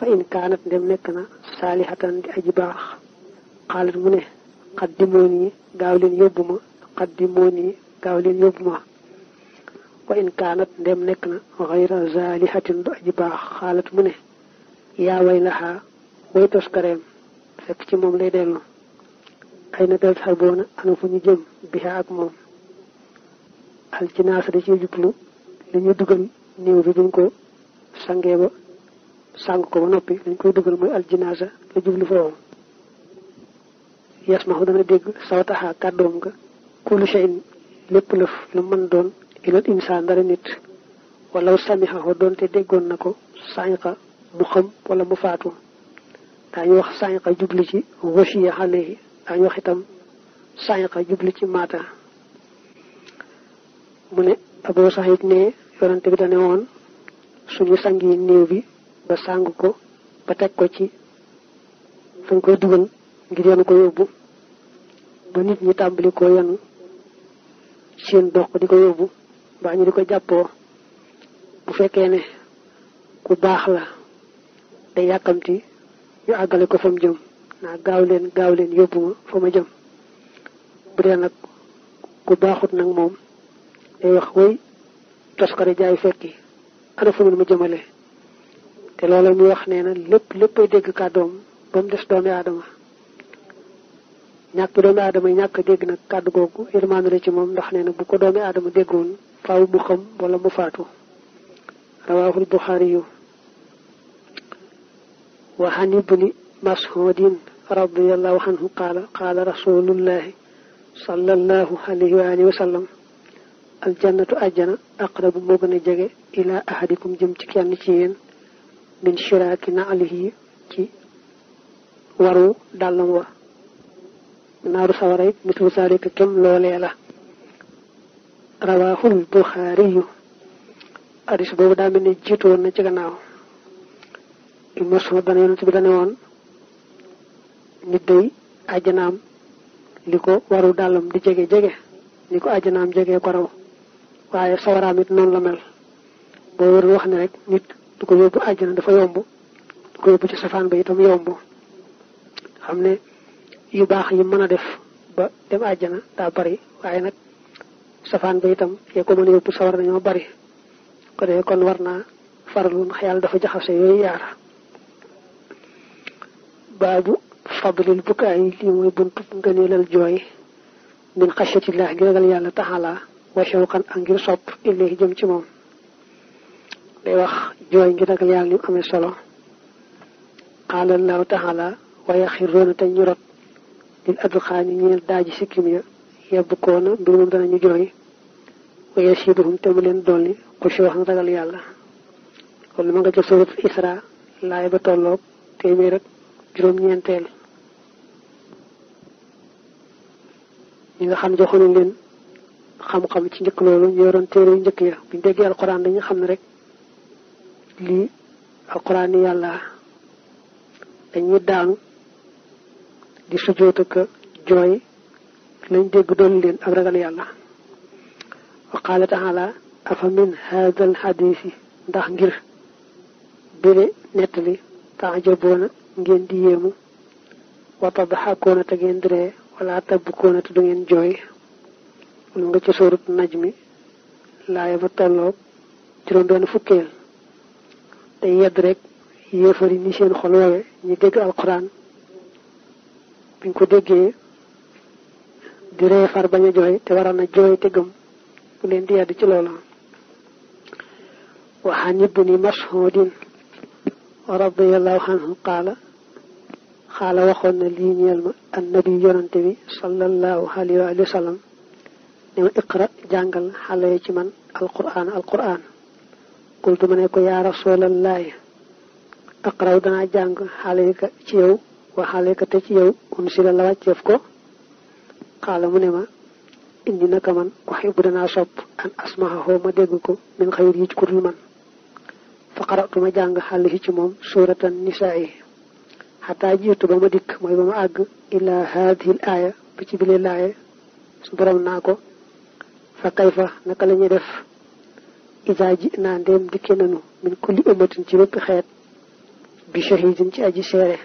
fa in kaanat ndem nekk na saalihatan di aji baax xaalat mu ne xaddimoon yi gaaw leen yóbbu ma xaddimoon gaaw leen yóbbu ma in kaanat ndem nekk na xayra zaalihatin du aji baax xaalat mu ne yaa way laxaa way toskareem fekk ci moom lay dellu ay na del sarboona ana fu ñu jëm biha ak moom aljinaasa da ci jublu li ñu dugal néew bi sangee ba sàng ko ba noppi dañ koy dugal muy aljinaasa la jublu foofu yes ma xam dana dégg sawtaxa kàddoom nga kullu shayin lépp lëf lu mën doon ilal insaan dara nit wala samihahu doonte déggoon na ko sànqa mu xam wala mu faatu daañu wax sànqa jubli ci washiya alayhi daañu wax itam sànqa jubli ci maata mu ne Abu Saxiid ne yonante bi dane woon suñu sang yi bi nga sàng ko ba teg ko ci fañ koy dugal ngir yenu ko yóbbu ba nit ñi tàmbali koo yenu seen bokk di ko yóbbu mbaa ñu di ko jàppoo bu fekkee ne ku baax la day yàkkamti ñu àggale ko fa mu jëm naa gaaw leen gaaw leen yóbbu ma fa ma jëm bu dee nag ku baaxut nag moom day wax ko toskare jaay fekki ana fu mu ma jëmale te loola muy wax nee na lépp lépp ay dégg kàddoom ba mu des doomi aadama ñàkk doomi aadama ñàkk dégg nag kàddu googu yërmaande la ci moom ndax nee na bu ko doomi aadama déggoon faaw mu xam wala mu faatu rawaahul buxaari yu wa an ibni mas'udin radiallahu anhu qaala qaala rasulullahi sallallahu alayhi wa ajjana aqrabu moo gën a jege ila ahadikum jëm ci kenn ci yéen min shiraaki na alihi ci waru dàllam wa naaru sawara it mislu saalika kem loolee la rawaahul buxaariyu hadis boobu daa mel ne jiitu na ci gannaaw ibnu Mas'ud dana yonent bi woon nit day àjjanaam li ko waru dàllam di jege jege li ko àjjanaam jege ko raw waaye sawaraam it noonu la mel boo war wax ne rek nit du ko yóbbu àjjana dafa yomb du ko yóbbu ci safaan ba itam yomb xam ne yu baax yi mën a def ba dem àjjana daa bari waaye nag safaan ba itam yee ko mën a yóbbu sawar nañoo bari ko defee kon war naa farlu ndax dafa jaxase yooyu yaara baabu fadlil bukaay lii mooy buntu ngëneelal jooy min xasyatillah gi ragal yàlla taxalaa wa shawqan ak ngir sopp illee jëm ci moom day wax jooy ngir ragal yàlla ni mu amee solo qaala allahu taala wa yaxirroona ñu rot lil adxaani ñeel daaji sikkim ya yabkoona mbir moom danañu jooy wa yasiiduhum te mu leen dolli xushuu'an ragal yàlla kon ma nga ca surat isra laay ba tolloog téeméer ak juróom-ñeenteel ñi nga xam joxoon leen xam-xam ci njëkk loolu ñu yoroon téere yu njëkk ya buñ déggee alxuraan dañu xam ne rek lii alxuraani yàlla dañuy daanu di sujjóota ko jooy lañ dégg doon leen ak ragal yàlla wa qaala taala afa min haadal xadiisi ndax ngir bile nettali taajaboona ngeen di yéemu wa tadxakoona te ngeen diree wala tabbukoona te du ngeen jooy lu nga ci suurut najmi laaya ba tolloog juróom benn fukkeel te yedd rek yéefari ni seen ñu dégg alquran biñ ko déggee di ree far a jooy te gëm bu leen di yedd ci loola waxaan ibni mas'udin radiyallahu anhu qaala xaala waxoon na lii ñeel ma annabi yonante bi sallallahu alayhi wa sallam ne ma iqra jàngal xale ci man alquran alquran kultu ma ne ko yaa rasulallaahi aqraw danaa jàng xaaleyka ci yow wa xaaleyka te ci yow un si la la wàcceef ko xaala ne ma indi naka man uxibu danaa sopp an asmahahu ma dégg ko min xayir yi ci kudul man fa qaratuma jàng xaal yi ci moom suratan nisaa yi xataa jiitu ba ma dikk mooy ba ma àgg ilaa haadihi l aaya ba ci bile laaya su borom naa ko fa kayfa naka la def isaa ji naa ndeem dikke nanu min kulli ummatin ci bépp xeet bi shahidin ci aji seere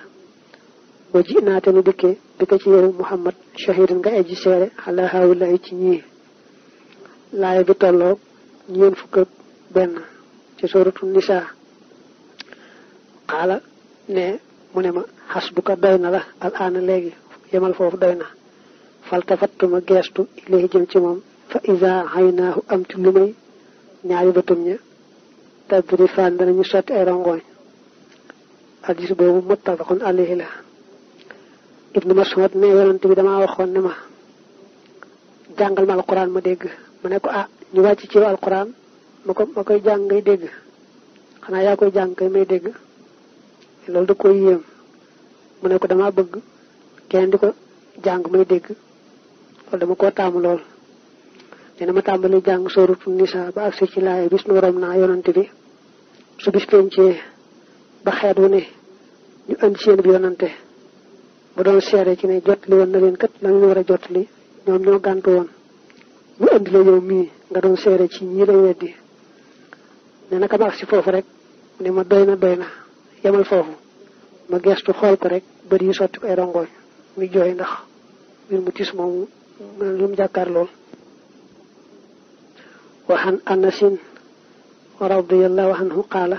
wa ji naa te nu dikke bi ci yow muhammad shahidin nga aji seere xalaa haawulaay ci ñii laaya bi tolloog ñeen fukk ak benn ci sóoratu nisaa xaala ne mu ne ma xas bu ko doy na la al aana léegi yemal foofu doy na faltafattuma geestu ilayhi jëm ci moom fa isa xaynaahu am ci lu may ñaari bëtum ña tabri fan danañu sotti ay rongoñ addis boobu muttafaqun alayhi la ibnu Mas'ud ne yonent bi damaa waxoon ne ma jàngal ma alquran ma dégg mu ne ko ah ñu wàcc ci yow alquran ma ko ma koy jàng ngay dégg xanaa yaa koy jàng kay may dégg loolu da koy yéem mu ne ko damaa bëgg keneen di ko jàng may dégg loolu dama koo taamu lool dina ma tàmbali ba agsi ci laaya bis nu waram naa yonante bi su bis ba xeet wu ne ñu indi seen bi ci ne jot li woon na war a jot li ñoom ñoo gàntu ci ñi lay weddi ne naka ma agsi foofu rek ne ma doy na doy na yemal foofu ma geestu xool ko rek bët yi sotti koy ay muy mu ndax mbir mu tis moomu lu mu jàkkaar lool waxan anasin radiyallahu anhu qaala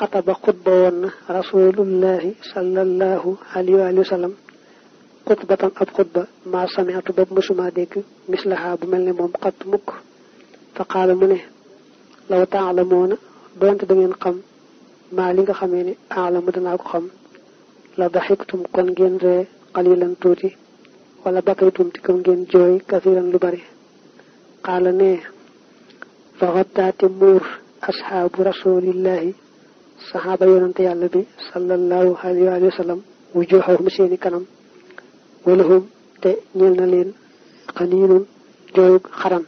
xataba xutba woon na rasulullahi sallallahu alayhi wa sallam xutbatan ab xutba maa samiatu boobu mësuma mislaha bu mel ne moom xat mukk fa qaala mu ne law taalamoona doonte da ngeen xam maa li nga xamee ni aalamu danaa ko la daxiktum kon ngeen ree xalilan tuuti wala bakaytum ti kon ngeen jooy kasiran lu bari qaala nee faxataate muur asxaabu rasulillahi saxaaba yonante yàlla bi sallallahu alayhi wa sallam wujuhahum seeni kanam walahum te ñeel na leen xaniinun jooyug xaram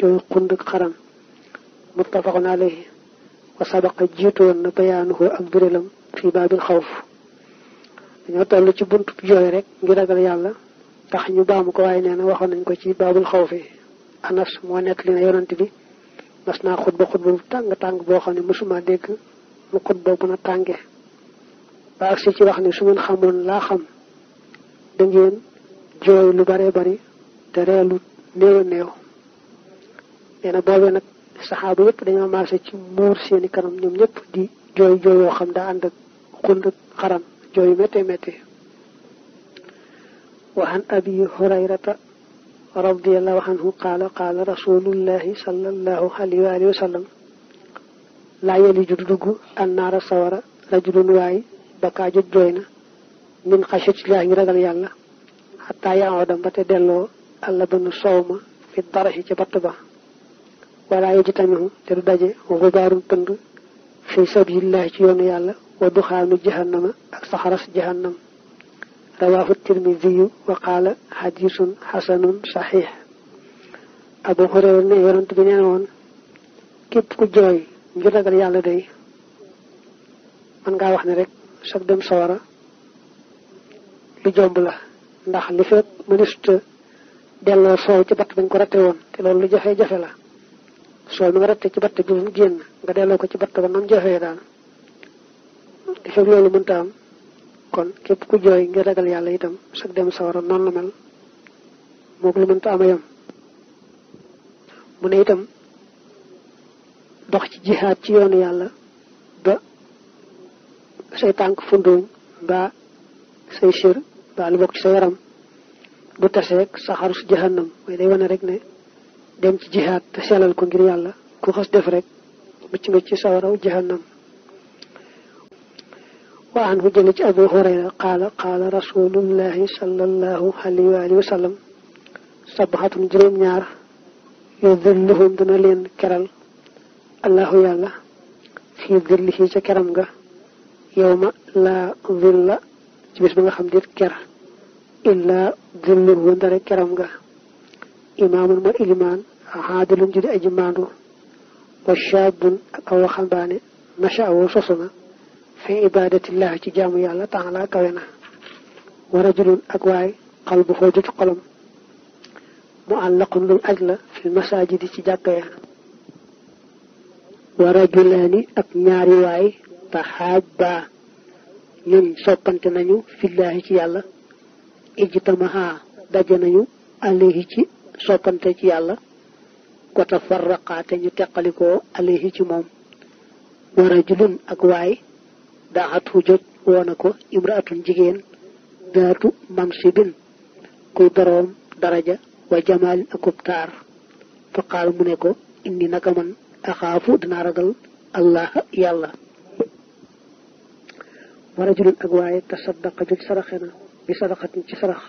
jooyug xundug xaram muttafaqun alayhi wa sabaqa jiitoon na bayaanuhu ak birélam fii baabil xawf dañoo toll ci bunt jooy rek ngir ragal yàlla tax ñu baamu ko waaye nee na waxoon nañ ko ci baabul xawfi anas moo nekk li na yonante bi mas naa xutba xutba bu tàng tàng boo xam ne mësuma dégg mu xutba bu na tànge ba agsi ci wax ne su ngeen xamoon laa xam da jooy lu bare bari te reelu néew néew nee boobee nag saxaaba yëpp dañoo marché ci muur seeni kanam ñoom ñëpp di jooy jooy yoo xam daa ànd ak xund xaram jooy métte métte wa abi hurayrata radiyallahu anhu qaala qaala rasulullahi sallallahu alayhi wa alihi wa sallam laa yaliju du dugg annaara sawara rajulun waay bakaa jot jooy na min xashatillaahi ngi ragal yàlla xataa yaodam ba te delloo àlla banu sow ma fi daraxi ca batt ba wala yeji tamihu te du daje gubaarun pënd fi sabilillahi ci yoonu yàlla wa duxaanu jahannama ak saxaras jahannam rawaahu tirmidiyu wa qaala xadisun xasanun saxiix abu hurayra ne yonent bi nee woon képp ku jooy ngir ragal yàlla day mën ngaa wax ne rek sag dem sawara lu jomb la ndax li fekk mënista delloo soow ci batt bañ ko ratte woon te loolu lu jafe-jafe la soow mi nga ratte ci batt bi mu génn nga delloo ko ci batt ba nam jafee daal li fekk loolu mënta am kon képp ku jooy ngir ragal yàlla itam sag dem sawara noonu la mel mook lu mënta ama mu ne itam dox ci jihaad ci yoonu yàlla ba say tànk fundooñ mbaa say sër mbaa lu bokk ci sa yaram bu taseek sa xaru su mooy day wane rek ne dem ci jihaad te sellal ko ngir yàlla ku xas def rek mucc nga ci sawaraw jahannam wa anhu jële ci abu hurayra qaala qaala rasulullahi sallallahu alayhi wa alihi wa sallam sabaxatun juróom-ñaar yo dilluhum dina leen keral allahu yàlla fii dillihi ca keram nga yowma laa dilla ci bis ba nga xam dit ker illaa dilluhu ndare keram nga imaamun ma ilimaan haadilun judi aji maandu wa shaabun ak aw waxambaane nasha awoo sosu na fi ibadatillah ci jaamu yàlla taala kawe na wa rajulun ak waay xal bu foo jot mu àllaqun luñ aj fi masajidi ci jàkka ya wa rajulaani ak ñaari waay taxaaba ñun soppante nañu fillaahi ci yàlla ijtamaha daje nañu alayhi ci soppante ci yàlla ko tafarraqa te ñu teqalikoo alayhi ci moom wa rajulun ak waay daaxatu jóg woona ko imraatun jigéen daatu mansibin kuy boroom daraja wa jamaal akub taar fa mu ne ko indi naka man axaafu dinaa ragal allah yàlla wa rajulun ak waaye tasaddaqa jóg saraxe na bi sadaqatin ci sarax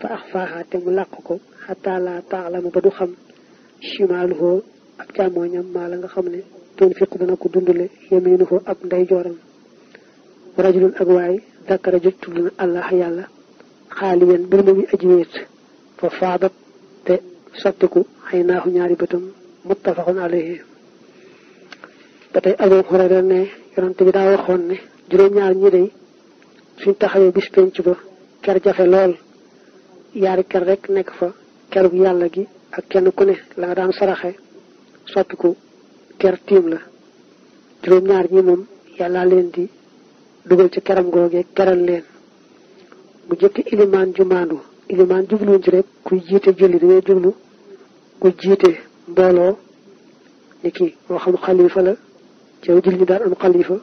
fa axfaaha mu làq ko xataa laa taalama ba du xam chimaaluhoo ak càmmooñam maa la nga xam ne tunfiq dana ko dundale yaminuhoo ab ndeyjooram rajulun ak waay dakara jot tudd na allah yàlla xaaliyan mbir ma muy aji fa faadat te sottiku ay naaxu ñaari bëtam muttafaqun alayhi ba tey Abu Hurayra ne yonante bi daa waxoon ne juróom-ñaar ñi day suñ taxawee bis penc ba ker jafe lool yaari ker rek nekk fa kerub yàlla gi ak kenn ku ne la nga daan saraxe sottiku ker tiim la juróom-ñaar ñi moom yàlla leen di dugal ci keram googee keral leen mu jëkk ilimaan ju maandu ilimaan jubluwuñ ci rek kuy jiite julli dañoo jublu ku jiite mbooloo ni kii moo xam xalifa la ci julli ñu daal am xalifa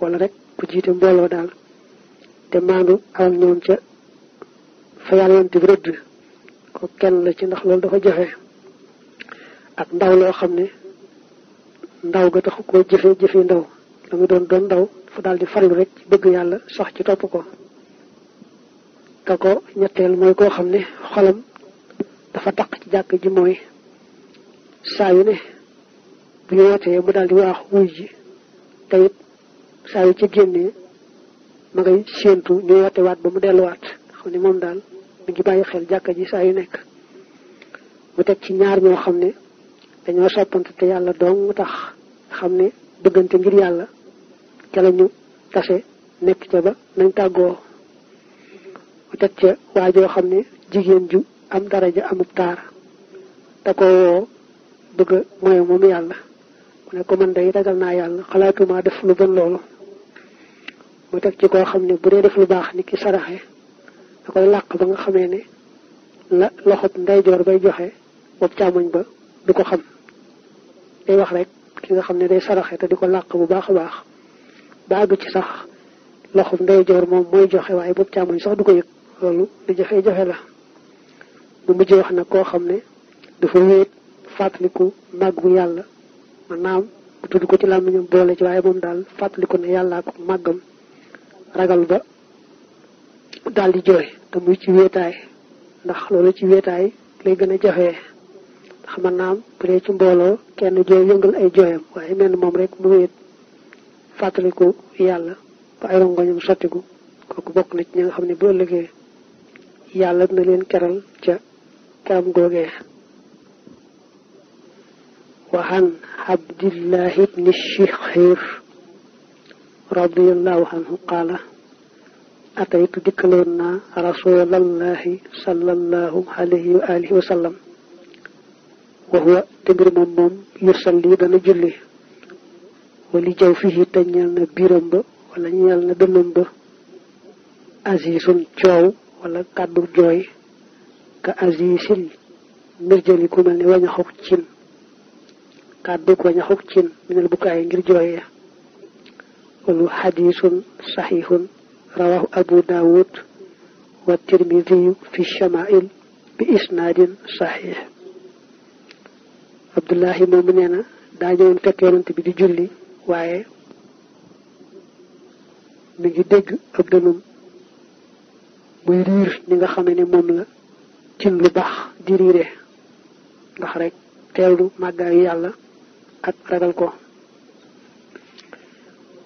wala rek ku jiite mbooloo daal te maandu ak ñoom ca fa yàlla yonte bi rëdd ko kenn la ci ndax loolu dafa jafe ak ndaw loo xam ne ndaw ga tax koo jëfe jëfe ndaw ba mu doon doon ndaw dafa daal di farlu rek ci bëgg yàlla sox ci topp ko ka ko ñetteel mooy koo xam ne xolam dafa taq ci jàkk ji mooy saa yu ne bu ñu wootee mu daal di waax wuy ji te saa yu ci génnee ma ngay séentu ñu woote waat ba mu delluwaat xam ne moom daal mu ngi bàyyi xel jàkk ji saa yu nekk mu teg ci ñaar ñoo xam ne dañoo soppante te yàlla dong tax xam ne bëggante ngir yàlla ca la ñu tase nekk ca ba nañ tàggoo teg ca waajoo xam ne jigéen ju am ja amub taar da ko woo bëgg a moom yàlla mu ne ko man day ragal naa yàlla xalaatuma def lu bon loolu mu teg ci koo xam ne bu dee def lu baax ni ki saraxe da koy làq ba nga xamee ne la loxob ndeyjoor bay joxe bopp càmmoñ ba du ko xam day wax rek ki nga xam ne day saraxe te di ko làq bu baax a baax ba ci sax loxo ndeyjoor moom mooy joxe waaye boobu càmmoñ sax du ko yëg loolu lu jafe-jafe la bu mujjee wax na koo xam ne dafa wéet fàttaliku màggu yàlla maanaam bu tudd ko ci làmmiñam boole ci waaye moom daal fàttaliku na yàllaa ko màggam ragal ba daal di jooy te muy ci wéetaay ndax loolu ci wéetaay lay gën a jafee ndax maanaam bu dee ci mbooloo kenn jooy yëngal ay jooyam waaye mel moom rek mu wéet fàttaliku yàlla ba ay rongoñam sottiku kooku bokk ci ñi xam ne bu ëllëgee yàlla dina keral ca kaam googee waxan abdillahi ibni shixir radiallahu anhu qaala ataytu dikkaloon naa rasulallahi sallallahu alayhi wa alihi wa sallam wa huwa te mbir moom moom julli wali jaw fii te ñeel na biram ba wala ñeel na dënnam ba asisun coow wala kàddu jooy ka asisin mirjëli ku mel ni wañaxuk cin kàddu wañaxuk cin minel bukaay ngir jooye walu xadisun saxiixun rawahu abu daawud wa tirmidiyu fi shamail bi isnaadin saxiix abdullahi moomu nee daa ñëwoon fekk yonent bi di julli waaye mi ngi dégg ab danum muy riir ni nga xamee ne moom la cin lu di riire ndax rek teelu màggaayu yàlla ak ragal ko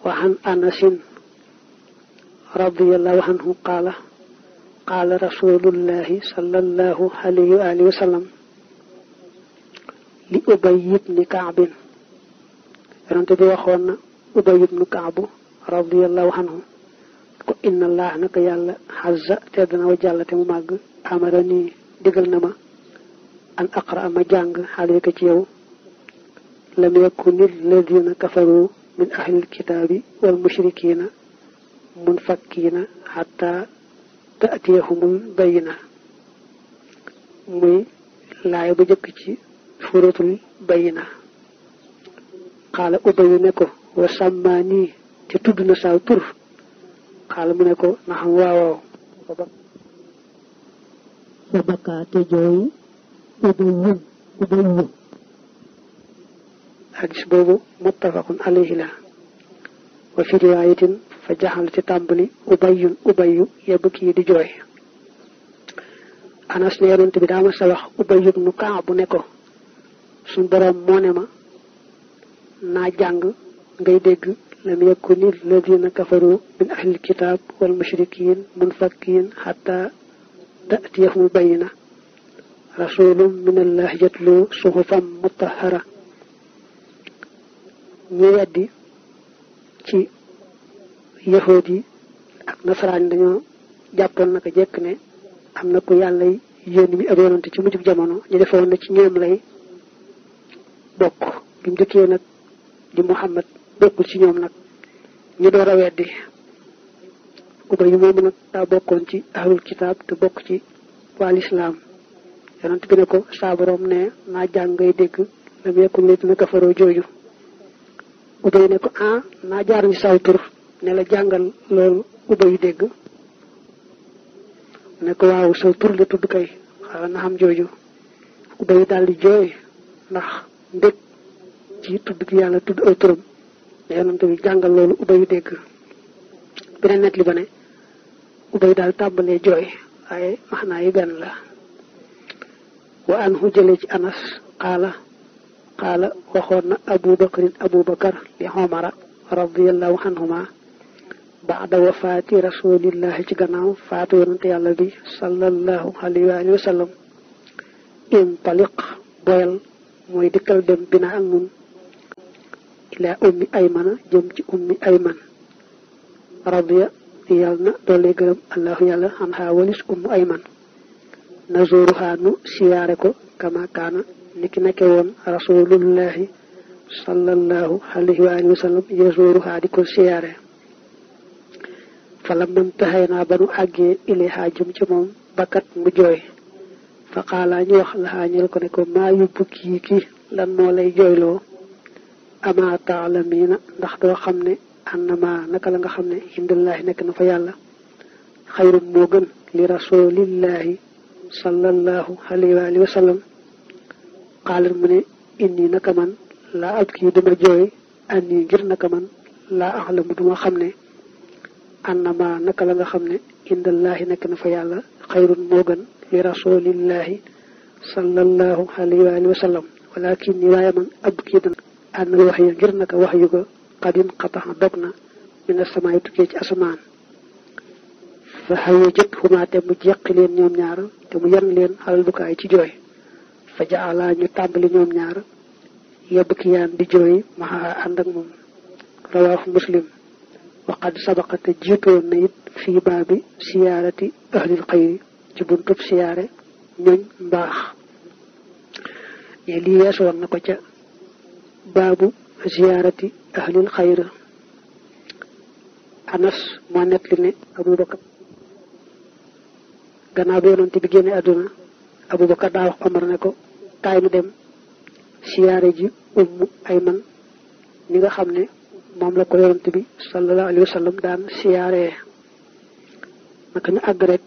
waxan anasin radiallahu anhu qaala qaala rasulullahi sallallahu alayhi wa alihi wa li ubay kaabin yonente bi waxoon na ubay kaabu radiallahu anhu ko inna allah naka yàlla xazza tedd wa jàll te mu màgg amara nii na ma an aqra ma jàng xaleeka ci yow lam yakun alladina kafaru min ahlil kitaabi wal mushrikiina mun fakkiina xata taatiyahumul bayina muy laay ba jëkk ci furatul bayina xaala ubayu ne ko wa te tudd na saaw tur xaala mu ne ko na xam waawaaw ba te jooy ubayu ubayu hadis boobu muttafaqun alayhi la wa fi riwaayatin fa jaxal ci tàmbali ubayun ubayu yebbu kii di jooy anas ne bi daa ma ubayu nu kaa bu ne suñ boroom moo ne ma naa jàng ngay dégg lam yakuni alladina kafaru min ahlil kitaab wal mushrikin munfakin xata tatiyahum bayina rasulum min allah yatlu suhufan mutahara ñi weddi ci yahood yi ak nasaraan dañoo jàppoon naka jekk ne am na ko yàlla yónni mi ak yonante ci mujjub jamono ñu defoon na ci ñoom lay bokk bi mu nag di Muhammad bokkul ci ñoom nag ñu door a weddi ubay moomu nag daa bokkoon ci ahlul kitaab te bokk ci waa lislaam yonent bi ne ko saa borom ne naa jàng ngay dégg jooju ubay ne ko ah naa jaar ni saw ne la jàngal loolu ubayu dégg ne ko waaw saw la tudd kay xala na xam jooju ubayu daal di jooy ndax ndég ci tudd gi yàlla tudd aw turam ne yonante bi jàngal loolu ubayu dégg beneen net li ba ne ubay daal tàmbalee jooy waaye maxnaa yi benn la wa an jële ci anas qaala qaala waxoon na abu bakarin abu bakar li xomara radiallahu anhuma baada wafaati rasulillahi ci gannaaw faatu yonante yàlla bi sallallahu alayhi wa sallam in taliq boyal mooy dikkal dem bina ak nun ilaa ummi aymana jëm ci ummi ayman radiya yàlla na doole gërëm allahu yàlla xam xaa walis ummu ayman nazooruhaa nu siyaare ko kama kaana niki nake woon rasulullahi sallallahu alayhi wa alihi wa sallam di ko siyaare fala mën taxay naa ba nu àggee ilayhaa jëm ci moom bakkat mu jooy fa xaalaa ñu wax laxaa ñel ko ne ko maa ki lan moo lay jooyloo ama taalamiina ndax doo xam ne annama naka la nga xam ne indallaahi nekk na fa yàlla xayrun moo gën li rasulillahi sallallahu alayhi wa sallam xaalat mu ne na naka man laa abki duma jooy anni ngir naka man laa axlamu la nga xam ne indallaahi nekk na fa yàlla xayrun moo gën li rasulillahi sallallahu alayhi wa sallam walakin waaye man abki dana ànd na wax yu ngir naka wax yu ko xadim xatax dog na mina samaay tukkee ci asamaan fa xayee jët xumaa te mu jeqi leen ñoom ñaar te mu yan leen alal bukaay ci jooy fa jaala ñu tàmbali ñoom ñaar yebki yaan di jooy maxaa ànd ak moom rawaaxu muslim waqad sabaqate jiitoon na it fii baabi siyaarati ahlil xayri ci buntub siyaare ñooñ mbaax lii weesu woon na ko ca baabu ziyaarati ahlil xayr anas moo nettali ne abubakar gannaaw bi yonante bi génne àdduna abubakar daa wax omar ne ko kaay nu dem siyaare ji ay man ni nga xam ne moom la ko yonante bi sallallahu alayhi wa sallam daan siyaaree naka ñu àgg rek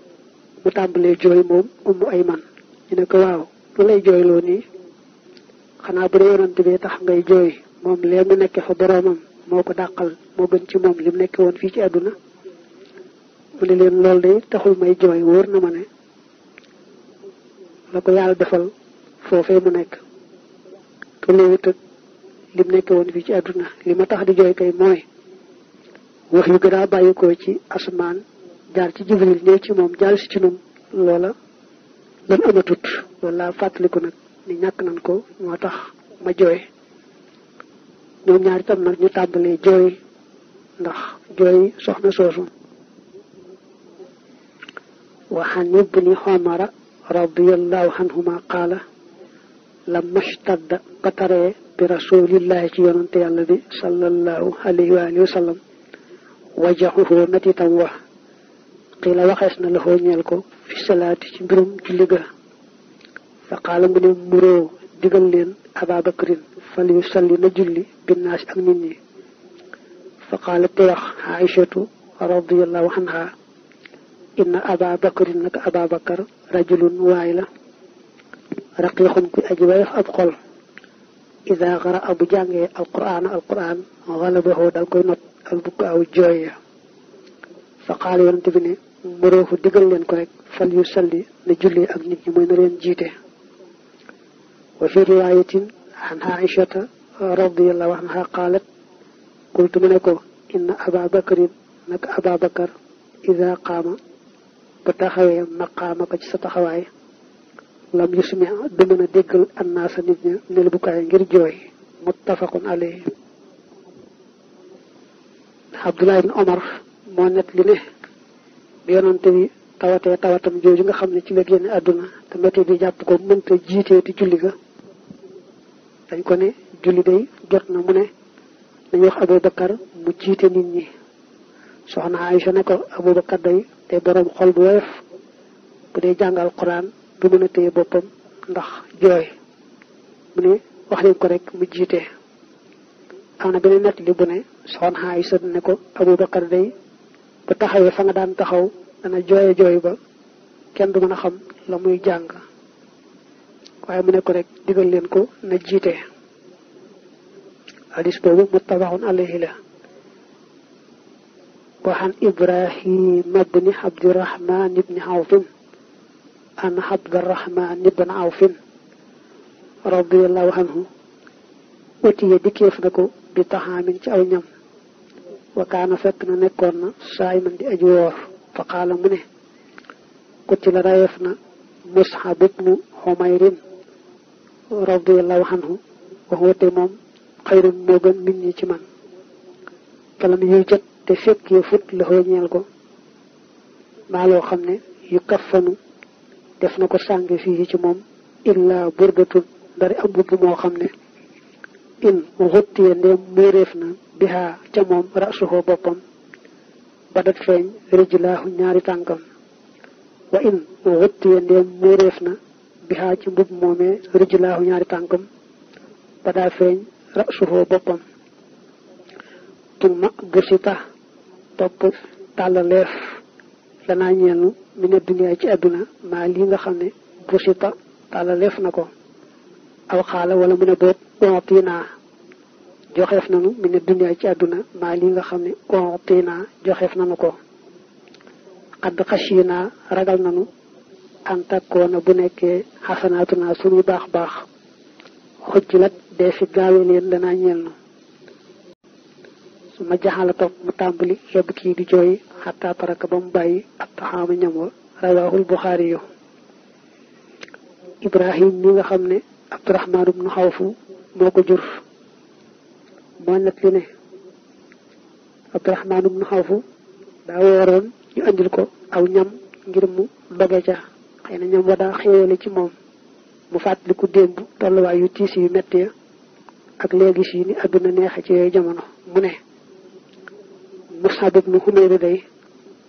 mu tàmbalee jooy moom ummu ayman ñu ne ko waaw lu lay jooyloo nii xanaa bu dee yonent bi tax ngay jooy moom lee mu nekke fa boroomam moo ko dàqal moo gën ci moom li mu woon fii ci àdduna mu ne leen loolu taxul may jooy wóor na ma ne la ko yàlla defal foofee mu nekk tolloowut ak li mu woon fii ci àdduna lima tax di jooy kay mooy wax yu gën bàyyi ko ci asamaan jaar ci jibril ñëw ci moom jaar si ci ñun loola lan amatut loolu laa fàttaliku nag ni ñàkk nañ ko moo tax ma jooy ñoom ñaar itam ñu tàmbalee jooy ndax jooy soxna soosu waxan ibni xomara radiallahu anhuma qaala lamma ishtadda bataree bi rasulillahi ci yonante yàlla bi sallallahu alayhi wa alihi wa sallam wajaxuhu metitam wax ci mbirum julli ga fa qaala mu ne muroo digal leen aba bakrin fal yu salli binnaas ak nit ñi fa qaala te wax aïchatu radiallahu anha inna aba bakrin naka aba bakar rajulun waay la raqiixun ku aji wayaf ab xol ida xaraa bu jàngee alquraan alquraan xalabahu dal koy not al bukk aw jooy fa qaala yonent bi ne muroo fu digal leen ko rek fal yu salli na julli ak mooy na leen jiite وفي رواية عن عائشة رضي الله عنها قالت قلت منكم إن أبا بكر نك أبا بكر إذا قام بتخوي مقام كجس تخوي لم يسمع دمنا دقل الناس نبنى نلبكاء غير جوي متفق عليه عبد الله بن عمر moo net li ne bi yonante bi tawatee tawatam jooju nga xam ne ci la génn àdduna te métti bi jàpp ko mënta jiitee ti julli ga dañ ko ne julli day jot na mu ne dañu wax Abubakar mu jiite nit ñi soxna Aïcha ne ko Abubakar day te borom xol bu woyof bu dee jàngal Alxuraan du mën a téye boppam ndax jooy mu ne wax leen ko rekk mu jiite am na beneen nett li bu ne soxna Aïcha ne ko Abubakar day bu taxawee fa nga daan taxaw dana jooye jooy ba kenn du mën a xam la muy jàng waaye mu ne ko rek digal leen ko na jiite hadis boobu muttafaqun alayhi la waxan ibrahim ibni abdirahman ibni ibni awfin radiallahu anhu utiye dikkeef na ko bi taxaamin ci aw ñam wa kaana fekk na nekkoon na saayman di aj woor fa qaala mu ne qutila rayeef na mus'ab ibnu xumayrin radiyallahu anhu wax wate moom xayrum moo gën min ñi ci man kalam yuy jot te fekk fut la ñeel ko maa xam ne yu kaffanu def na ko sàng fii ci moom illaa burdatul dari ab moo xam ne in xuttiya ndéem muréef na bihaa ca moom rasuhoo boppam ba feeñ rijlaahu ñaari tànkam wa in xuttiya ndéem muréef na bihaa ci mbub moomee rijlaahu ñaari tànkam ba daa feeñ rasuhoo boppam tumma busita topp tàllaleef lanaa ñeenu mi ne duniyaa ci àdduna maa lii nga xam ne busita tàllaleef na ko aw xaala wala mu ne boot ontinaa joxeef nanu mi ne duniyaa ci àdduna maa lii nga xam ne ontinaa joxeef nanu ko xadd xashinaa ragal nanu antakkoona bu nekkee xasanaatu naa suñu baax baax xujj lat dee fi gaawe leen danaa ñeel na su ma jaxala topp mu tàmbali yebb kii di jooy xataa paraka ba mu bàyyi ak taxaama ñam wa rawaahul yu ibrahim mi nga xam ne abdurahmaan ibnu xawfu moo ko jur moo nag li ne abdurahmaan ibnu xawfu daa wooroon ñu andil ko aw ñam ngir mu doge ca xëy na ñoom wa daa xéewale ci moom mu fàttaliku démb tolluwaay yu tiis yu metti ya ak léegi si ni àdduna neexe ci yooyu jamono mu ne Musab ibnu Umayr day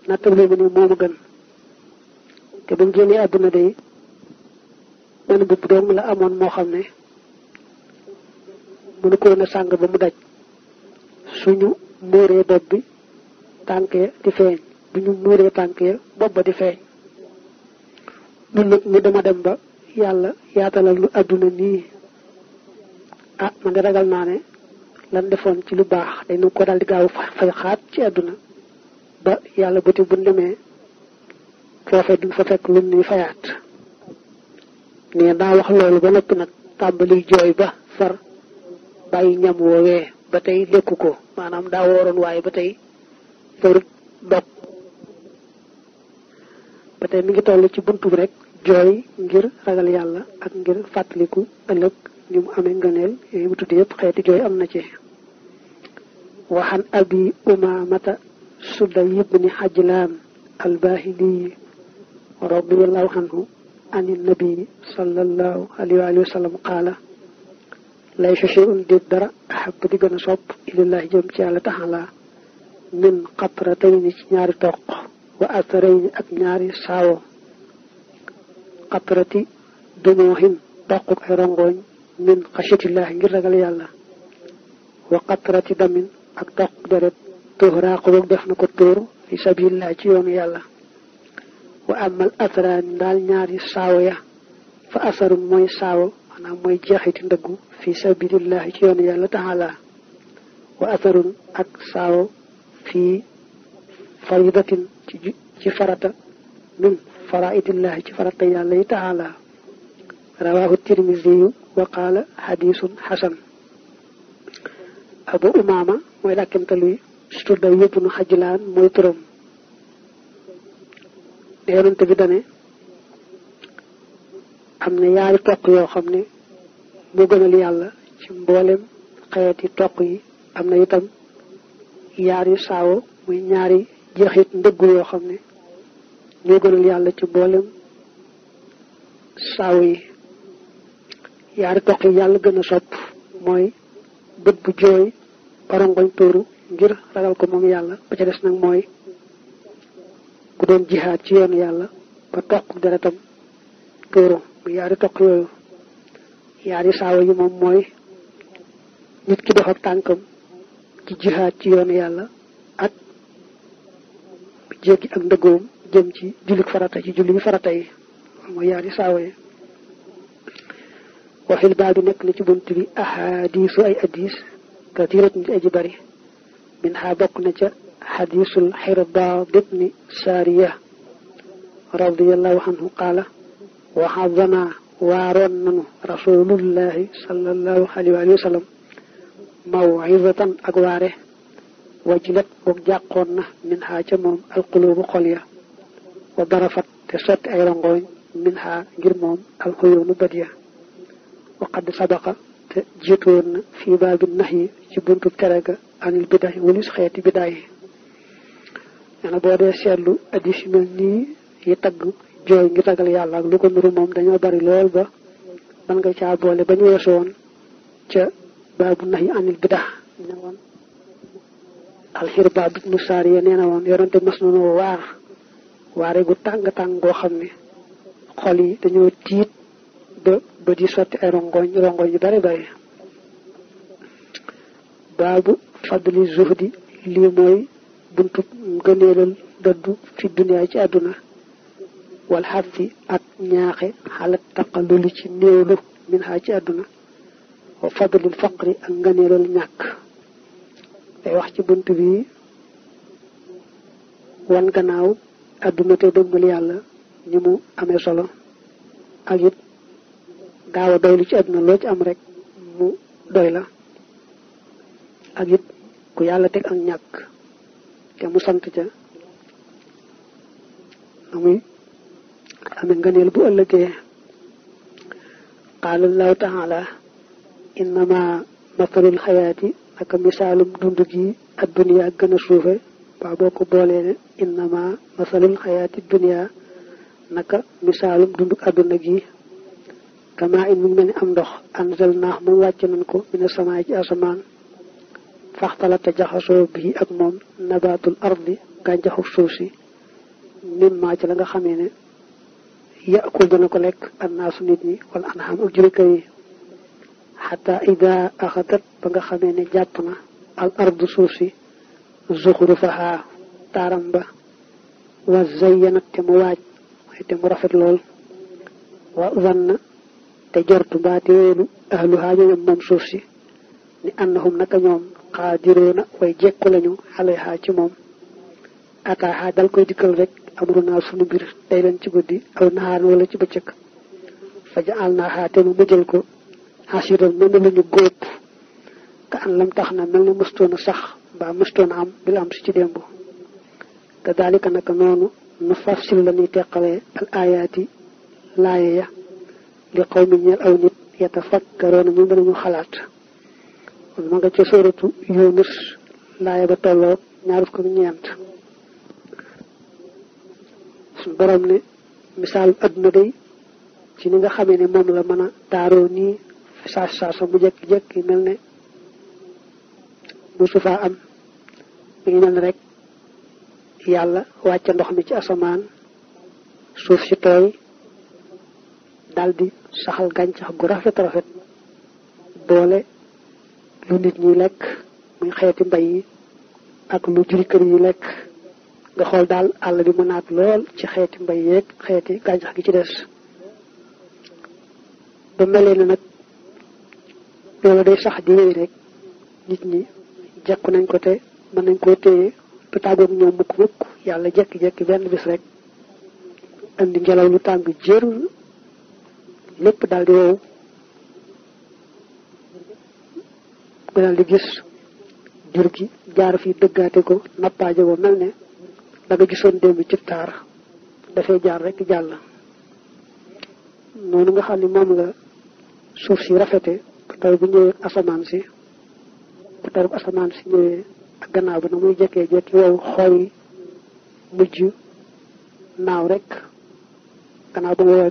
nattable mu ne moom a gën te ba mu génnee àdduna day benn bubb dong la amoon moo xam ne mënu ko woon sàng ba mu daj suñu muuree bopp bi tànk ya di feeñ bu ñu muuree tànk ya bopp di feeñ nun nag ñu dama dem ba yàlla yaatalal lu àdduna nii ah man de ragal naa ne lan defoon ci lu baax day nu ko daal di gaaw fay xaat ci àdduna ba yàlla buti bu demee foofe duñ fa fekk lu ñuy fayaat ne daa wax loolu ba noppi nag tàmbali jooy ba far bàyyi ñam woowee ba tey lekku ko maanaam daa wooroon waaye ba tey farut bokk tey mi ngi toll ci buntu bi rek jooy ngir ragal yàlla ak ngir fàttaliku ëllëg ñu mu amee ngëneel yooyu tudd yëpp xeeti jooy am na ci waxan abi umamata sudda yibni xajlaan albahili radiallahu anhu an nabi sallallahu alayhi wa sallam qaala laysa shay'un déet dara ahab di gën a sopp ilallaahi jëm ci yàlla taxala min qatratayn ci ñaari toq wa asarayni ak ñaari saawo xatrati dunuuhin dàquk ay rongooñ min xasiyatillaahi ngir ragal yàlla wa xatrati damin ak dàquk deret tuhraqu def na ko tóor fi sabilillahi ci yoonu yàlla wa amal asaraani daal ñaari saawo ya fa asarun mooy saawo maanaam mooy jeexiti ndëggu fi sabilillahi ci yoonu yàlla taala wa asarun ak saawo fii faridatin ci ci farata min faraidillaahi ci farata yàlla yi taala rawaahu tirmisiyu wa qaala xadisun xasan abu umaama mooy dàkkantaluy suturday yëpp nu xajlaan mooy turam ne yonante bi am na yaari toq yoo xam ne moo gënal yàlla ci mboolem xeeti toq yi am na itam yaari saawo muy ñaari jeexit ndëggu yoo xam ne ñoo gënal yàlla ci mboolem saaw yi yaari toq yi yàlla gën a sopp mooy bët bu jooy barongoñ tuuru ngir ragal ko moom yàlla ba ca des nag mooy ku doon jihaad ci yoonu yàlla ba toq deretam tuuru mu yaari toq yooyu yaari saawa yi moom mooy nit ki dox ak tànkam ci jihaad ci yoonu yàlla ak jéggi ak ndëggoom jëm ci jullit farata ci julli farata yi mooy yaari nekk bunt bi ahadisu ay hadis katirat ni aji min xaa bokk na ca xadisul xirbaa bitni saariya anhu qaala waxadana waaroon rasulullahi sallallahu alayhi wa sallam wajilat boog jàqoon na min xaa ca moom alxuluubu xol ya wa barafat te sotti ay rongooñ min ngir moom alxuyuunu bët ya wa qad sabaqa te jiitu woon na fii baabi nax yi ci buntu tere ga anil bidaay walis xeeti bidaay yi nee na boo dee seetlu nii yi tagg jooy ngi tagal yàlla ak lu ko nuru moom dañoo bari lool ba man nga caa boole ba ñu weesu ca baabu nax yi anil bidaa ne alxirbaab ibnu saariya nee na woon yonante mas nanoo waar waare tàng-tàng goo xam ne xol yi dañoo tiit ba bët yi sotti ay rongoñ rongoñ yu bari bari baabu fadli zuhdi lii mooy buntu gëneelal dëddu fi duniyaa ci àdduna wal xarti ak ñaaxe xalat taqalulu ci néewlu min xaa ci àdduna wa fadlul faqri ak ngëneelal ñàkk day wax ci bunt bi wan gannaaw àdduna te dëgmal yàlla ni mu amee solo ak it gaaw a ci àdduna loo ci am rek mu doy la ak it ku yàlla teg ak ñàkk te mu sant ca amuy amee ngëneel bu ëllëgee qaala allahu taala innama masalul xayaati naka misaalum dund gi ak gën a suufe waa boo ko boolee ne innama masalul xayaati dunia naka misaalum dund àdduna gi kama in mu mel ni am ndox anzal naax moom wàcc nañ ko mina samaay ci asamaan faxtala te jaxasoo bii ak moom nabaatul ardi gàncaxu suuf si mimmaa ci la nga xamee ne yàqul dana ko lekk annaasu nit ñi wala anham ak jurikër yi xata ida axadat ba nga xamee ne jàpp na al ardu suuf si zuxrufaha taaram ba wa zayyanat te mu waaj mooy te mu rafet lool wa zanna te jortu baate woonu ahluhaa ñoom moom suuf si ni annahum naka ñoom xaadiroona way jekku lañu alayha ci moom ataaha dal koy dikkal rek amrunaa sunu mbir tey leen ci guddi aw nahaan wala ci bëccëg fa jaal naaha te mu mujjal ko asiran mel na lu ñu ka an lam tax na mel na mëstoon a sax mbaa mëstoon am bil am si ci démb te daalika noonu nu farsil la ñuy teqalee ayaati laaye ya li xaw mi ñeel aw nit yatafakkaroona ñu mën ñu xalaat kon ma nga ca sóoratu yunus laaya ba tolloog ñaar fukk ak ñeent suñu borom ne misaal adduna day ci ni nga xamee ne moom la mën a taaroo nii saas saasu bu jékki-jékki mel ne bu sufaa am mi ngi mel ne rek yàlla wàcce ndox mi ci asamaan suuf ci tooy daldi saxal gàncax gu rafet rafet boole lu nit ñi lekk muy xeeti mbay yi ak lu juri kër yi lekk nga xool daal àll bi mu naat lool ci xeeti mbay yeeg xeeti gàncax gi ci des ba melee na nag loolu day sax di wéy rek nit ñi jekku nañ ko te mën nañ koo téye du tàggoog ñoom mukk mukk yàlla jekki-jekki benn bis rek andi ngelaw lu tàng jër lépp daal di wow nga di gis jur gi jaar fi dëggaate ko nappaaje boo mel ne da gisoon démb ci taar dafay jaar rek jàll noonu nga xam ne moom la suuf si rafete patar bu ñëwee asamaan si patar bu asamaan si ñëwee ak gannaaw bi na muy jekkee jekki wow xooy mujj naaw rek gannaaw ba mu woy